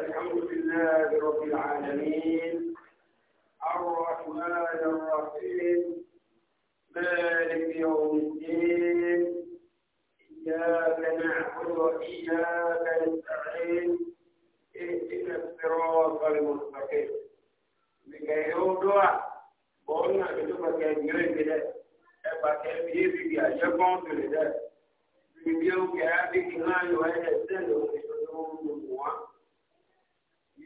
الحمد لله رب العالمين الرحمن الرحيم مالك يوم الدين إياك نعبد وإياك نستعين اهدنا الصراط المستقيم لكي يوضع بقولنا كتبك يجري كده ẹ̀bà kẹ́bí ebìbì àjẹkọ́ńtò rẹ̀ dẹ̀ bíbí ó kẹ́ á bí kí náà yọ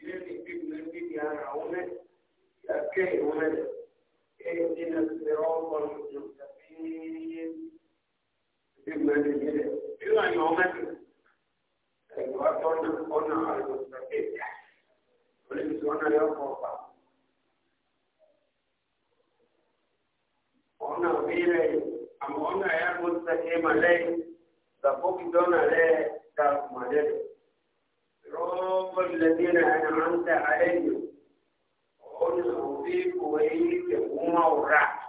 لنجد نجد يرعونه يكيونه اهدنا الصراط المستقيم بما نجد إلا يومك يواتون قلنا على المستقيم ولبسونا يوم وقع ona vile ameona yako sehemu leo sababu kidono leo kwa maneno صراط الذين أنعمت عليهم قل في كويت وما ورع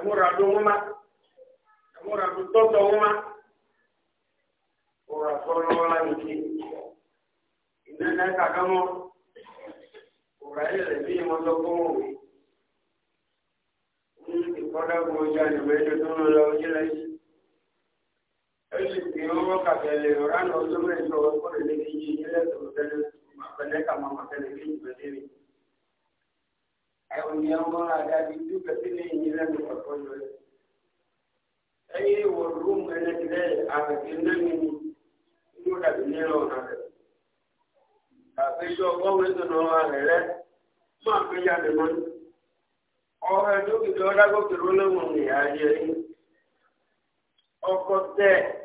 أمر عدوهما أمر عدو تصوهما ورسول الله يجي إن لك كما ورأي الذي مزقوه Ìfọ́dá gbogbo ìjà ìgbẹ́jọ́ tó ń lọ ojú ele orando el nombre de Jehová por el niño y él es usted peleka mama tele kini bedeli ayo ni yango la ga di du betele ni la ni papojo ayi wo room ele kile a kene ni ni da ni lo na de ta pe jo ko we to no a le ma pe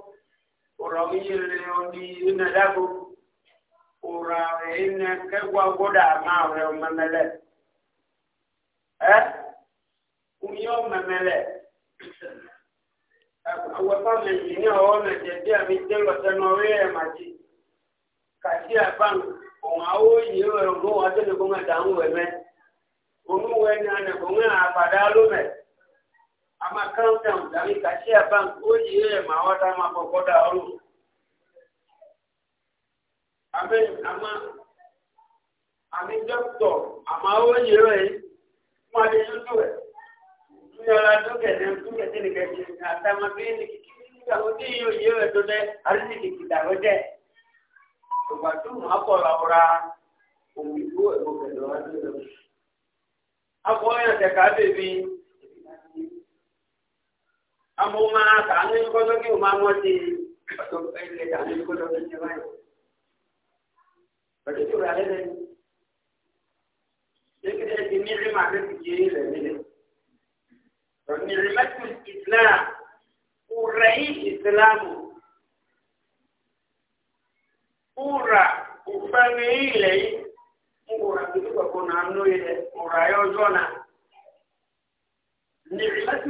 uromiire oni unadabu urare ina kegwa goda mawe umemele eh unyo memele awafa mengine ona jedia vitelo sanowe maji kasi apan ongawo yiwe ngo atele konga damu weme onu wenya ne konga afadalume ama countdown dami kashia bank oji yeye mawata ama kokoda oru ame ama ami doctor ama oji yeye ma de yutue nyala doke ne mtuke tini kaji atama bini kikika odi yo yeye tode arisi kikita oje watu hapo laura umibu ebokedoa Ako ya tekabe bi àmọ́ máa tàánú ní kọ́tọ́ kí o máa mọ́ sí ilé tàánú ní kọ́tọ́ kí o máa yọ. Bàtí tí o rà lẹ́lẹ́ ní. Lékìtẹ́ ti ní rí màá lẹ́sìn kí eré rẹ̀ nílẹ̀. Bàtí rí mẹ́tù ìsìláà kò rẹ̀ yí ìsìláàmù. ilẹ̀ yìí. Mo kò rà kọ̀kọ́ náà nú ilẹ̀. Mo rà yọ ọjọ́ náà. Nìrìmẹ́tù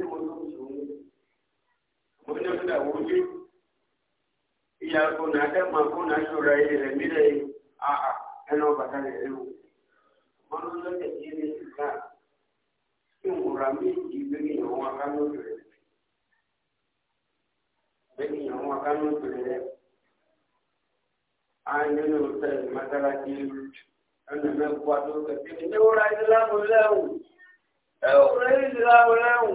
mọ́nà fúnà wọlé ìyá kọ́nà àdàmà kọ́nà sọ̀rọ̀ ayé rẹ̀ mílẹ̀ àhà ẹnà bàtà rẹ̀ rẹ̀ wò mọ́nà lọ́tẹ̀ tí ní ìgbà tí ìwòrà méjì bẹ́ẹ̀ ni àwọn rẹ̀ bẹ́ẹ̀ ni àwọn rẹ̀ ayé ní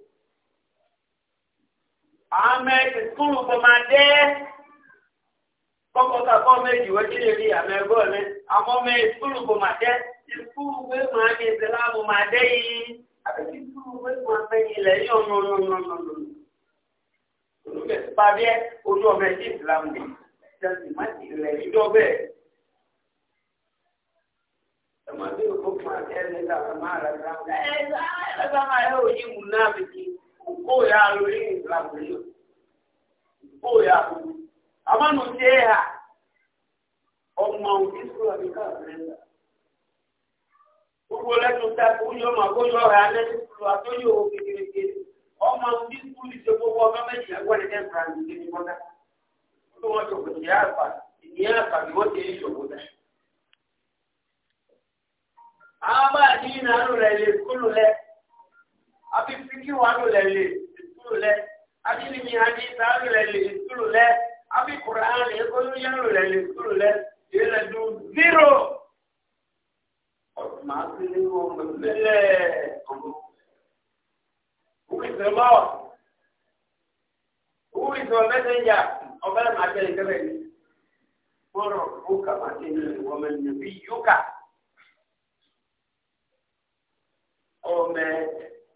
Ahmed Kurubomade kọ́kọ́tà kọ́ méjì wọ́n ti lè rí àmì ẹgbẹ́ mi. Àmọ́ mi Kurubomade ti kúrúgbé máa ní ìsìlámù máa dé yìí. Àbẹ̀tí kúrúgbé máa fẹ́ ilẹ̀ yọ̀ nùnùnùnùnù. Olùkẹ́ pàdé ojú ọmọ ẹ̀jẹ̀ ìsìlámù ni. Ṣẹ́sì má ti ilẹ̀ yìí bẹ́ẹ̀. Ẹ̀mọ́ bí o kò máa kẹ́ ya alwili langulo ko ya ku amanu jeha ọmọ òdìsú àbíká àbẹ́lá gbogbo lẹ́tọ̀ tá kó yọ ọmọ àkóyọ ọ̀rẹ́ alẹ́ nípò àtọ́yọ òkè kékeré ọmọ òdìsú lè ṣe gbogbo ọmọ méjì ẹgbẹ́ ní ẹgbẹ́ àti ìdíje mọ́tà tó wọ́n tó kò sí àpà ìdíyẹ àpà ni wọ́n ti ń ṣòwò dá. àwọn bá a ní ìnáwó lè kúlù lẹ́ẹ̀ àti fíkì wà lulẹ̀ lè ìtúlù lẹ̀ àti nìyí àti ìtàlù lẹ̀ lè ìtúlù lẹ̀ àti kùránì olùyẹ̀ lulẹ̀ lè ìtúlù lẹ̀ ìrẹ̀ dùn zero. màá ti ní wọn mẹ́lẹ̀ who is the lord who is your messenger ọ̀bẹ màá tẹ̀lé kẹ́lẹ́ ni wọ́n fún kàmáṣe ní ìwọ́n mẹ́lẹ̀ bí yókà. ọmọ ẹ̀.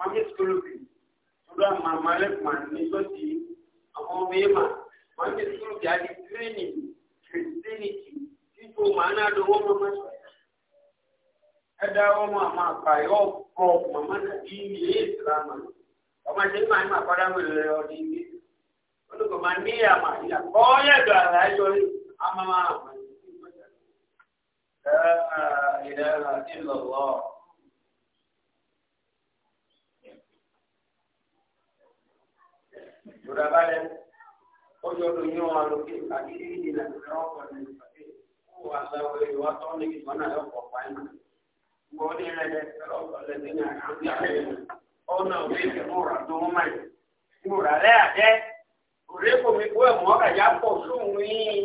mami sukulubi tura mama lẹkuma nígbàtí àwọn ọmọ yẹn ma mami sukulubi adi tirénì kìrìsìtẹ́nìtì títò màánà do wọn mama sọ ẹdá wọn mọ àmọ àpàyọ bọ mama nàbí mi yé ìsirà ma ọmọ àti ẹgbẹ àyìnbá padà wọ lẹ ọdí mi olùkọ́ ma ní àmà yìí àkọ́ yẹ dọ̀ àlá yọ ní àmàmà àmà yìí. لا إله إلا الله lọ́dà balẹ̀ ọjọ́ tó yín wọn lókè àti ìdí ìdílé àwọn ọkọ̀ ní ìpàdé kó àlàó ẹ̀ wá tọ́ ní ìgbọ́n náà lọ́kọ̀ pàìmọ̀ wọ́n ní ẹ̀rẹ́ ọ̀pọ̀ lẹ́sìn náà àti àlẹ́ ọ̀nà òwe ìfẹ̀mọ́ra tó ń mọ̀ yìí múra lẹ́yàjẹ́ òrékòmí kó ẹ̀mọ́ ọ̀kàjà pọ̀ sóhun yín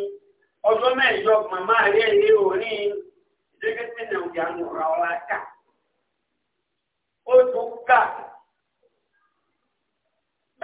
ọjọ́ mẹ́jọ màmá rí ẹ̀yẹ òní ìdíkẹ́tì nàìjíríà múra ọ̀la ká ó tó ká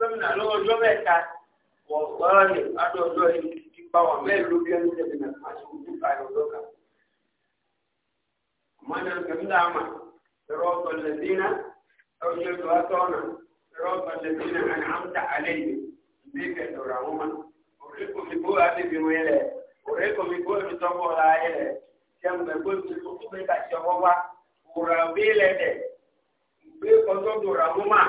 gómìnà lọ́wọ́ ọjọ́ mẹ́ta wọ̀ wọ́ọ́rì adọ́ ọjọ́ yìí ti pa wà mẹ́rin ló bí ẹni tẹ̀lé náà àti ojú ayọ̀ lọ́kà. mọ́nà kẹ́míkà àmà ẹ̀rọ ọ̀tọ̀ lẹ́dínà ẹ̀rọ ọ̀tọ̀ àtọ̀nà ẹ̀rọ ọ̀tọ̀ lẹ́dínà àná àmúta alẹ́ yìí ìdí kẹtọ̀rọ̀ àwọn ma òré kòmí kó àbíbi wọn yẹlẹ òré kòmí kó ẹ̀mí tọ́kọ̀ la yẹlẹ sẹ́mbẹ̀ kó ẹ̀mí tó kó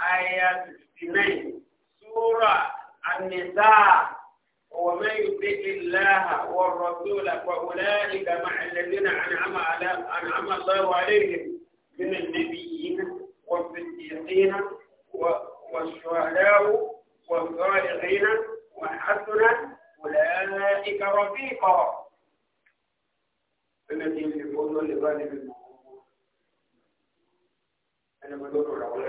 آية 69 سورة النساء ومن يطع الله والرسول فأولئك مع الذين أنعم أنعم الله عليهم من النبيين والصديقين والشهداء والصالحين وحسن أولئك رفيقا الذين يقولون لغالب الموضوع أنا بدور على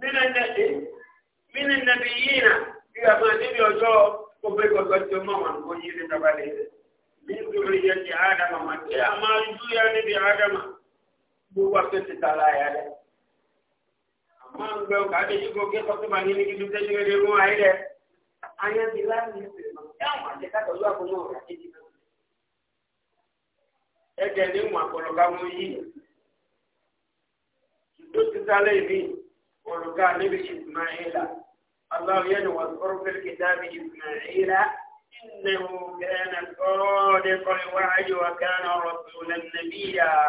nínú ẹ̀dẹ́dẹ́ nínú ẹ̀dẹ́bí yìí nà kí a máa níbi ọjọ́ kó bẹ́ẹ̀ gbọ́dọ̀ tí ó máa wà kó yí ní tabalẹ̀ rẹ̀ ní ìdúró yẹ ti ádámà mà kí a máa ju ya níbi ádámà gbogbo àti ti ta láyà rẹ̀. àmọ́ ń gbẹ́ ọkọ̀ adé yìí kó kí ẹ̀kọ́ tó máa ní ní kíkí tẹ́jú rẹ̀ mú ayé rẹ̀ ayé ti láàrín ìsìn ẹgẹ ní wọn àpọlọ ká mú yìí tó ti sálẹ ìbí ورجع نبي إسماعيل الله ينوى في الكتاب إسماعيل إنه كان صادق الوعد وكان رسولا نبيا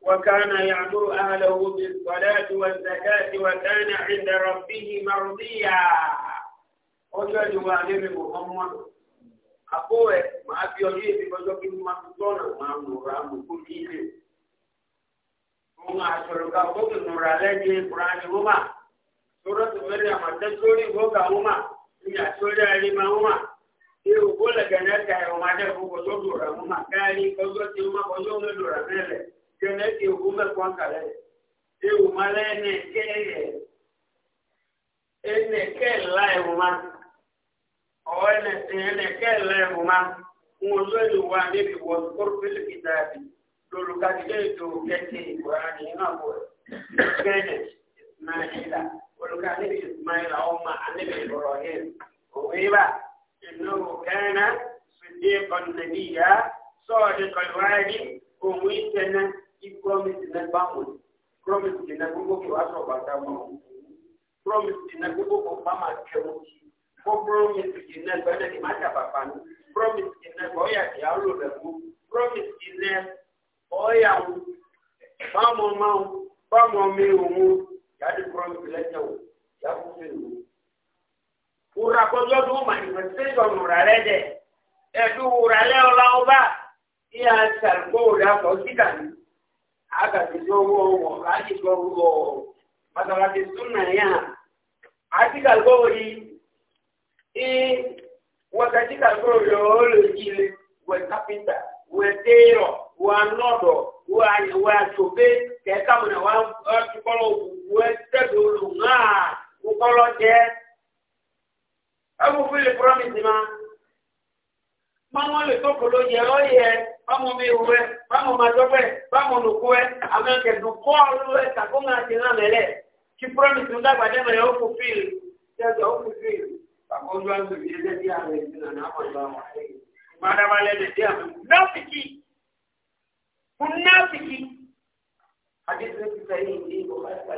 وكان يعمر أهله بالصلاة والزكاة وكان عند ربه مرضيا ọjọ́ ìwà lórí muhammad àpò ẹ̀ máa fi ọyẹ́ ìdíkọjọ́ kí n máa tọ́nà máa mú ra kó kí ilé kuma a shirka gobe nurale ne burani ruma suratu maryam ta sori goga ruma ina sori alima ruma iru gola gana ta yi ma da ko so dora ruma gari ko so ti ma ko so ne dora mele gana ti ku me kwan kale iru male ne ke ene ke lai ruma o ene ene ke lai ruma mo so ni wa ne bi wo korfil kitabi lolùkadìlẹ̀ ètò kẹ́kẹ́ ìkọ̀rání náà bọ̀ bẹ́ẹ̀nẹ̀ ìsmáìlà olùkadìlẹ̀ ìsmáìlà ọmọ anábì ìbọ̀rọ̀ hẹ́n òwe bá ìnáwó kẹ́rẹ́nà sùdé kọ́nùnàbí yá sọ́ọ̀dì kọ̀lùwárí òun ìtẹ̀nà ìkọ́mìtì náà báwọn kọ́mìtì náà gbogbo kò wá sọ̀ bàtà mọ́ kọ́mìtì náà gbogbo kò bá máa kẹ́wọ́ kí kọ́ kọ́mìtì náà gbọ́dọ̀ kì má dàbà pa ní kọ́mìtì náà gbọ́ fáwọn ọmọ o fáwọn ọmọ òun yàtí kúrọ́ọ̀mù ìlẹ́jẹ̀ o yàtí fèrè o. wúrà kọjọ́ tó manifestation rà rẹ dẹ ẹ̀dùn e wúrà lẹ́ ọ̀la ọba ìyá sàlùkò rẹ̀ àtọ̀ síkà ní. àgàtì tó wọ wọ láti tó wọ pàtàkì súnà yà àti kàlùkò rí i wọ́n kàtí kàlùkò rẹ̀ ó lè jí lé wẹ̀ kápẹ́ntà wẹ̀ téèrọ̀. wanɔdɔ uh, wasobe kɛkamuna watukɔlɔ wɛtɛdo e luŋa kukɔlɔ jɛ ɛfu e fili promise ma mamu le tó kolo yɛ ɔyɛ mamu mi wɛ e, ma dɔbɛ mamu nukuɛ amɛnkɛ dukɔ ɔlɔɛ kako ŋa ti ŋa mɛ lɛ ti promise ŋa gba dɛmɛ yɛ ɔfu fili a na na madama lɛ a ti munafiki hadithi yetu sahihi iko katika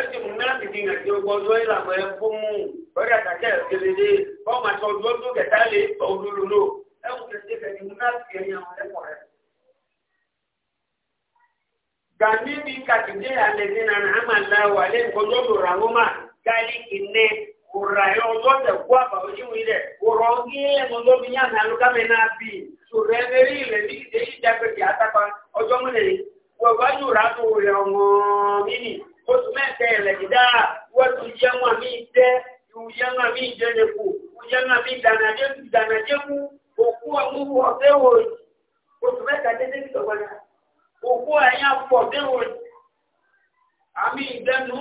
ẹsì munafiki nà tí o gbọdọ yìí làwọn ẹkú mú lórí àtàkẹ ẹkẹlẹdẹ bọ́ọ̀ màtí ọdún ọdún kẹta lè tọ́ olúlu lò ẹkú kẹsẹ kẹsẹ munafiki ẹni àwọn ẹkọ rẹ. gàmí mi kàtúndé alẹ́ dín nà ní àmàlà wà lẹ́nu kọjọ́ lòrà wọ́n mà gálí kìnnẹ́ urayo zote kwapa ujiwile urongile ngondo binyana lukame nabi suremerile bidei jape kyata kwa ojomune wabanyu ratu uleongo mini otumetele kida watu jemwa mite ujanga mite neku ujanga mite anajengu danajengu okuwa mungu wapewo otumeta tete kitokwana okuwa nya wapewo àmì ìdẹ́nu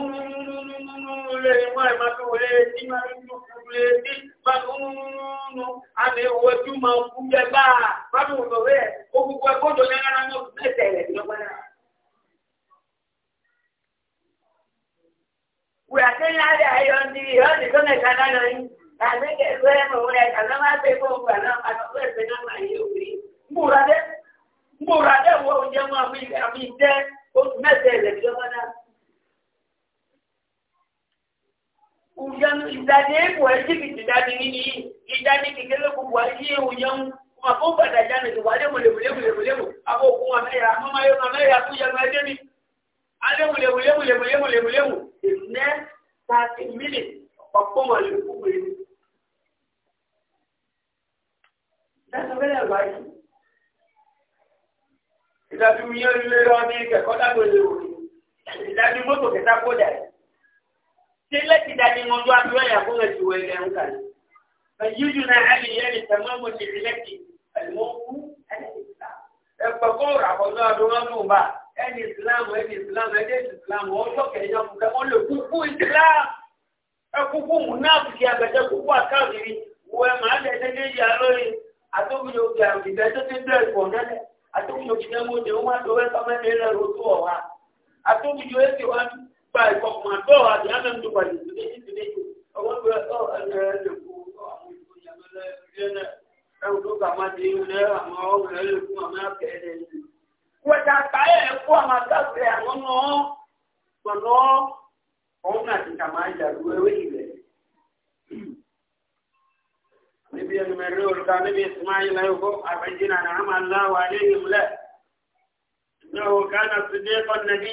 lè mọ́ ẹ̀má tó wọlé tí máa ń tó kú lé tí máa ń nùnùnù àmì ìwọ tí máa ń kú jẹ bá a bá mi wọ̀ bẹ́ẹ̀ ó kúkú ẹ kódò ní ara náà mẹ́tẹ̀ rẹ̀ lọ́pẹ́ náà. wíwà tí ń láyé ayọ̀ ní ìhọ́nì tó mẹ́ta dáná yìí àti kẹ̀kẹ́ ẹ̀mọ̀ rẹ̀ kàná máa fẹ́ fún ògbà náà àtọ́kù ẹ̀fẹ́ náà máa yé òbí. mbùradẹ́ mbùradẹ́ wọ oúnjẹ mọ́ àmì ìtẹ́ oṣù mẹ́tẹ̀ rẹ̀ lọ́pẹ́ náà. ujan idade kwa hivi kidade nini idade kikelo kwa hivi ujan mapomba dajana kwa wale mule mule mule mule hapo kwa maya mama yeye mama yeye akuja madeni ale mule mule mule mule mule mule ne 30 minutes kwa pomba likuwe That's a very advice. Ìdájú yẹn lé lọ ní ìkẹ́kọ̀ọ́ dágbélé òní. Ìdájú mọ́tò kẹta kó dà sai ki da ni monjo a duwa ya ko ga ciwo ya an kan sayyiduna ali ya ni tamamu li ilaki al-mawqu al-islam e ba ko ra ko na do na ba ẹni ìsìláàmù ẹni ìsìláàmù ẹni ìsìláàmù ọjọ́ kẹ̀yìn kúkẹ́ wọn lè kúkú ìsìláàmù ẹkúkú múnáàfìkì àgbẹ̀jẹ̀ kúkú àkáàbìrì wọ ẹ màá lẹ ẹdẹgẹ yà lórí àtòkùnjò kí àgbẹ̀jẹ̀ tó ti bẹ̀rẹ̀ pọ̀ nẹ́lẹ̀ àtòkùnjò kí ẹ mú de wọn wá lọ́wọ́ ẹ̀ka mẹ́rin rẹ̀ lótú ọ̀wá àtòkùnjò èsì wá dùn. by commando àti anamduwa ìdílé ìdílé ọwọ́n bẹ ọ ẹnẹ lẹkọ àwọn ìlú yàgbẹ́lẹ́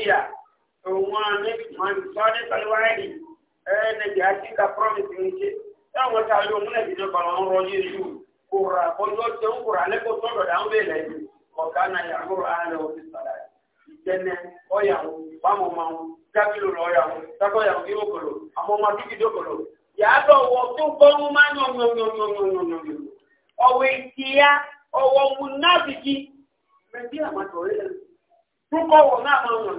ìdílé na na òun àmì sọ́ọ́dẹ́ sọ́lẹ́wáìdì ẹ̀ẹ́nẹ̀dì àti ìka promise ní ṣe táwọn ta ló mú ẹ̀dì náà bàwọn ìkìyà ọ̀wọ̀ àmàtọ̀ tó náà máa ń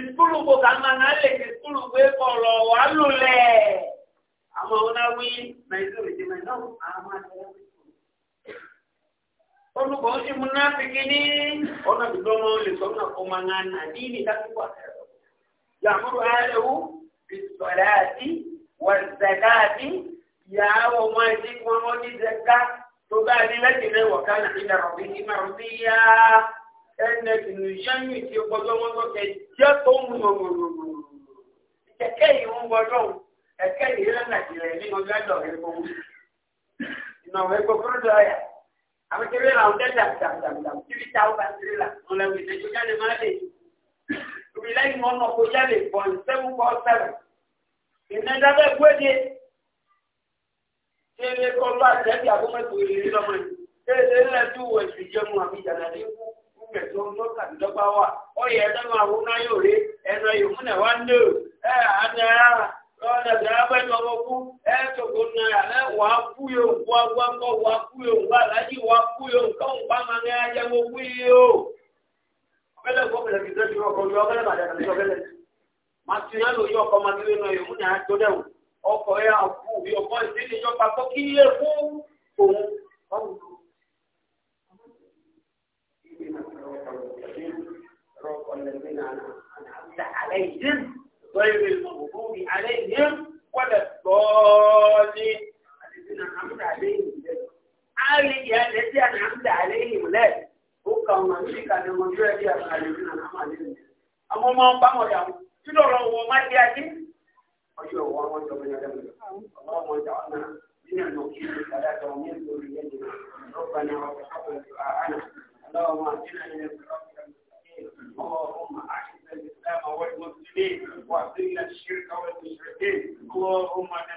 ìsúlùkù kà máa náà lè ké ìsúlùkù ẹ̀kọ́ ọ̀rọ̀ wà lulẹ̀. àwọn ọ̀nàwí nàìjíríà ti máa náà àwọn àtẹ̀wé. olùkọ́ ó ti mú náà fi kíní ọ̀nà ìgbọ́ máa lè sọ náà kó máa ń nà ní ìní dákúkú àtẹ̀wé. yàmúrò àlẹ́wò ìsọ̀rẹ́ àti wàzẹ̀ká àti yàwó máa ní zẹ̀ká tó bá a ní lẹ́sìn náà wọ̀ ẹnẹ tìǹbù yẹnyìn tí o gbọdọ wọn tó kẹ jẹ tó ń lò lò lò lò kẹkẹ yìí ń gbọdọ ẹkẹ yìí lẹ nàìjíríà nínú ọjọ ẹjọ rẹ kó wù ìnà ọwọ ẹgbẹ kúrò dọ yà àwọn tí wọn làwọn tẹ dàmdàmdàm tíbi táwọn bá tiri là wọn làwọn ìdẹjọ jáde má lè tóbi lẹ́yìn wọn nọ kó jáde bọ̀n sẹ́mu kọ́ sẹ́mu ìnẹ́dàbẹ́ gbẹ́dẹ tí ẹ lè kọ́ lọ àtẹ́bí àbúmọ̀tò ìrírí lọ́mọ yìí tí ẹ lè lẹ́ẹ̀dúwọ̀ ẹ̀sìn jẹ́mu àbíjà nàdí kú. kẹtù ọjọ́ kàdúdọ́gba wà ọyẹ ẹdẹ́nu àwọn náà yóò rí ẹ a bẹ́ tọ́ ọ kú ẹ tòkó náírà ẹ wà á kú yóò wá wá kọ́ wà á kú yóò wá aláàjì wà á kú yóò kọ́ nǹkan máa ń mo kú yìí o. kìí ọkọ̀ صراط الذين أنعمت عليهم غير المغضوب عليهم ولا الضالين الذين أنعمت عليهم علي الذي أنعمت عليهم لا هو كان من كان من شاء الذين عليهم أما ما بقى ما كده لو ما جاءتي أشوف هو ما جاب من هذا اللهم اجعلنا من المؤمنين ثلاثة ومن ذريتنا ربنا وتقبل دعاءنا اللهم اهدنا إلى الصراط ọmọ